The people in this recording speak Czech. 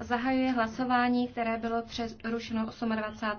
Zahajuje hlasování, které bylo přerušeno 28.